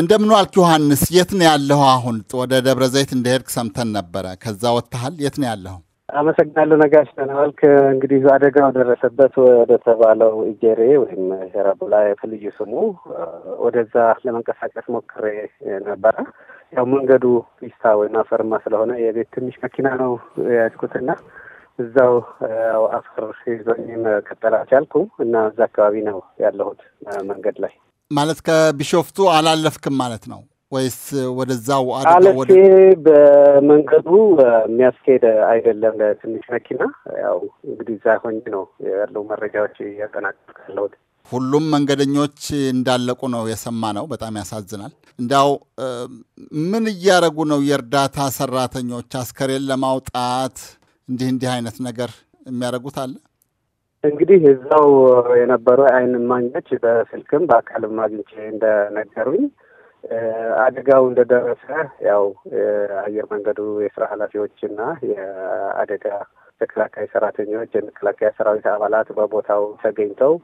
እንደምን ዋልክ ዮሐንስ፣ የት ነው ያለሁ? አሁን ወደ ደብረ ዘይት እንደሄድክ ሰምተን ነበረ። ከዛ ወጥተሃል? የት ነው ያለሁ? አመሰግናለሁ ነጋሽ ተናዋልክ። እንግዲህ አደጋው ደረሰበት ወደ ተባለው እጀሬ ወይም ሸራቡላ ልዩ ስሙ ወደዛ ለመንቀሳቀስ ሞክሬ ነበረ። ያው መንገዱ ፒስታ ወይም አፈርማ ስለሆነ የቤት ትንሽ መኪና ነው ያዝኩትና እዛው አፈር ይዞኝ መቀጠል አልቻልኩም እና እዛ አካባቢ ነው ያለሁት መንገድ ላይ ማለት ከቢሾፍቱ አላለፍክም ማለት ነው ወይስ ወደዛው አለፌ? በመንገዱ የሚያስኬድ አይደለም ለትንሽ መኪና። ያው እንግዲህ እዛ ሆኜ ነው ያለው መረጃዎች እያጠናቀቅለውት ሁሉም መንገደኞች እንዳለቁ ነው የሰማ ነው። በጣም ያሳዝናል። እንዲያው ምን እያደረጉ ነው የእርዳታ ሰራተኞች? አስከሬን ለማውጣት እንዲህ እንዲህ አይነት ነገር የሚያደርጉት አለ እንግዲህ እዛው የነበሩ አይን እማኞች በስልክም በአካልም አግኝቼ እንደነገሩኝ አደጋው እንደደረሰ ያው የአየር መንገዱ የስራ ኃላፊዎችና የአደጋ ተከላካይ ሰራተኞች፣ የመከላከያ ሰራዊት አባላት በቦታው ተገኝተው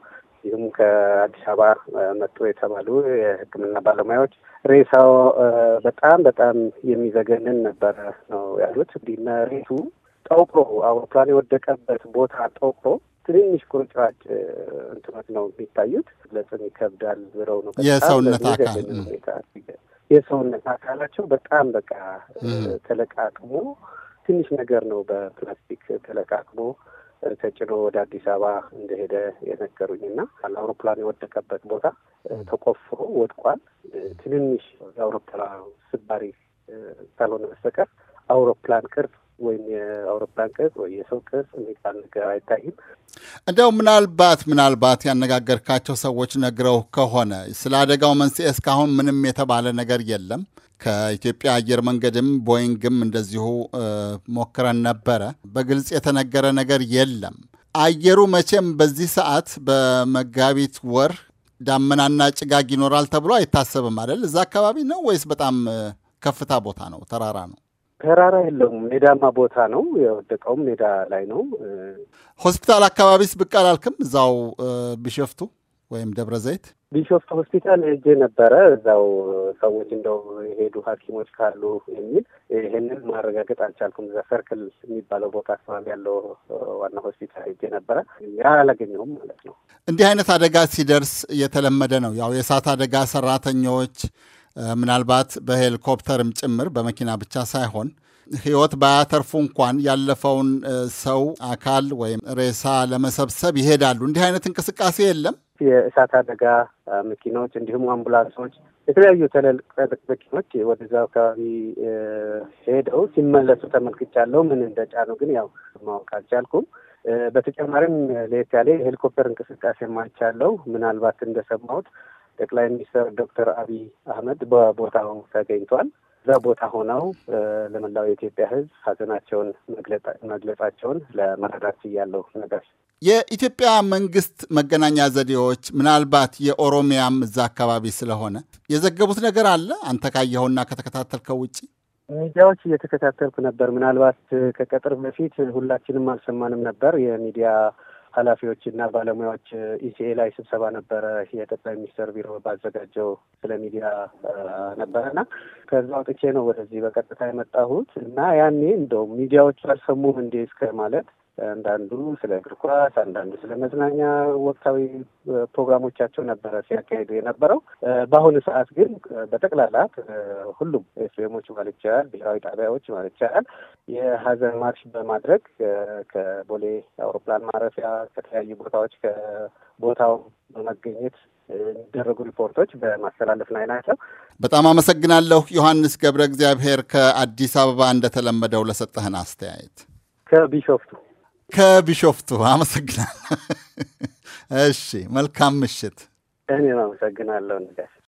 ይህም ከአዲስ አበባ መጡ የተባሉ የሕክምና ባለሙያዎች ሬሳው በጣም በጣም የሚዘገንን ነበረ ነው ያሉት። እንዲህ መሬቱ ጠውቆ አውሮፕላን የወደቀበት ቦታ ጠውቆ ትንንሽ ቁርጭራጭ እንትኖች ነው የሚታዩት። ለጽም ይከብዳል ብለው ነው የሰውነት አካል የሰውነት አካላቸው በጣም በቃ ተለቃቅሞ ትንሽ ነገር ነው በፕላስቲክ ተለቃቅሞ ተጭኖ ወደ አዲስ አበባ እንደሄደ የነገሩኝ እና አውሮፕላን የወደቀበት ቦታ ተቆፍሮ ወድቋል። ትንንሽ የአውሮፕላን ስባሪ ካልሆነ በስተቀር አውሮፕላን ቅርጽ ወይም የአውሮፕላን ቅርጽ ወይ የሰው ቅርጽ የሚባል ነገር አይታይም። እንደው ምናልባት ምናልባት ያነጋገርካቸው ሰዎች ነግረው ከሆነ ስለ አደጋው መንስኤ እስካሁን ምንም የተባለ ነገር የለም። ከኢትዮጵያ አየር መንገድም ቦይንግም እንደዚሁ ሞክረን ነበረ። በግልጽ የተነገረ ነገር የለም። አየሩ መቼም በዚህ ሰዓት በመጋቢት ወር ዳመናና ጭጋግ ይኖራል ተብሎ አይታሰብም አይደል? እዛ አካባቢ ነው ወይስ በጣም ከፍታ ቦታ ነው? ተራራ ነው? ተራራ የለውም፣ ሜዳማ ቦታ ነው። የወደቀውም ሜዳ ላይ ነው። ሆስፒታል አካባቢስ ብቅ አላልክም? እዛው ቢሾፍቱ ወይም ደብረ ዘይት ቢሾፍቱ ሆስፒታል ሄጄ ነበረ። እዛው ሰዎች እንደው የሄዱ ሐኪሞች ካሉ የሚል ይህንን ማረጋገጥ አልቻልኩም። እዛ ሰርክል የሚባለው ቦታ አካባቢ ያለው ዋና ሆስፒታል ሄጄ ነበረ። ያ አላገኘሁም ማለት ነው። እንዲህ አይነት አደጋ ሲደርስ የተለመደ ነው። ያው የእሳት አደጋ ሰራተኞች ምናልባት በሄሊኮፕተርም ጭምር በመኪና ብቻ ሳይሆን ህይወት ባያተርፉ እንኳን ያለፈውን ሰው አካል ወይም ሬሳ ለመሰብሰብ ይሄዳሉ። እንዲህ አይነት እንቅስቃሴ የለም። የእሳት አደጋ መኪኖች እንዲሁም አምቡላንሶች፣ የተለያዩ ትልልቅ መኪኖች ወደዛ አካባቢ ሄደው ሲመለሱ ተመልክቻለሁ። ምን እንደጫኑ ግን ያው ማወቅ አልቻልኩም። በተጨማሪም ለየት ያለ የሄሊኮፕተር እንቅስቃሴ ማይቻለው ምናልባት እንደሰማሁት ጠቅላይ ሚኒስትር ዶክተር አብይ አህመድ በቦታው ተገኝቷል። እዛ ቦታ ሆነው ለመላው የኢትዮጵያ ሕዝብ ሀዘናቸውን መግለጻቸውን ለመረዳት ያለው ነገር የኢትዮጵያ መንግስት መገናኛ ዘዴዎች ምናልባት የኦሮሚያም እዛ አካባቢ ስለሆነ የዘገቡት ነገር አለ አንተ ካየኸውና ከተከታተልከው ውጭ? ሚዲያዎች እየተከታተልኩ ነበር። ምናልባት ከቀጥር በፊት ሁላችንም አልሰማንም ነበር የሚዲያ ኃላፊዎች እና ባለሙያዎች ኢሲኤ ላይ ስብሰባ ነበረ የጠቅላይ ሚኒስትር ቢሮ ባዘጋጀው ስለ ሚዲያ ነበረ እና ከዛ አውጥቼ ነው ወደዚህ በቀጥታ የመጣሁት እና ያኔ እንደውም ሚዲያዎቹ አልሰሙም እንዴ እስከ ማለት አንዳንዱ ስለ እግር ኳስ፣ አንዳንዱ ስለ መዝናኛ ወቅታዊ ፕሮግራሞቻቸው ነበረ ሲያካሄዱ የነበረው። በአሁኑ ሰዓት ግን በጠቅላላ ሁሉም ኤፍኤሞች ማለት ይቻላል ብሔራዊ ጣቢያዎች ማለት ይቻላል የሀዘን ማርሽ በማድረግ ከቦሌ አውሮፕላን ማረፊያ ከተለያዩ ቦታዎች ከቦታው በመገኘት የሚደረጉ ሪፖርቶች በማስተላለፍ ላይ ናቸው። በጣም አመሰግናለሁ። ዮሐንስ ገብረ እግዚአብሔር ከአዲስ አበባ እንደተለመደው ለሰጠህን አስተያየት ከቢሾፍቱ ከቢሾፍቱ አመሰግናለሁ። እሺ መልካም ምሽት። እኔም አመሰግናለሁ ነጋሽ።